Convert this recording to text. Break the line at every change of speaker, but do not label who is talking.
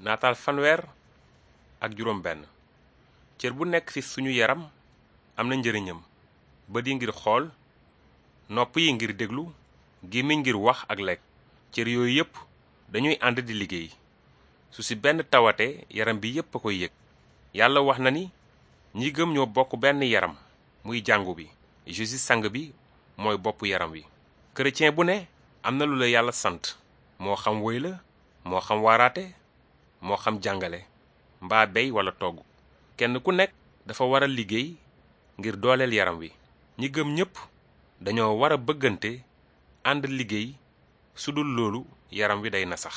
nataal fanweer ak juróom cër bu nekk ci suñu yaram am na njëriñam bët yi ngir xool nopp yi ngir déglu gémmiñ ngir wax ak lekk cër yooyu yépp dañuy ànd di liggéey su ci benn tawate yaram bi yépp a ko yëg yàlla wax na ni njigam gëm ñoo bokk benn yaram muy jàngu bi Jésus sang bi mooy bopp yaram wi chrétien bu ne am na lu la yàlla sant moo xam woy la moo xam waaraate moo xam jàngale mbaa bey wala togg kenn ku nekk dafa war a liggéey ngir dooleel yaram wi ñi gëm ñépp dañoo war a bëggante ànd liggéey sudul dul loolu yaram wi day na sax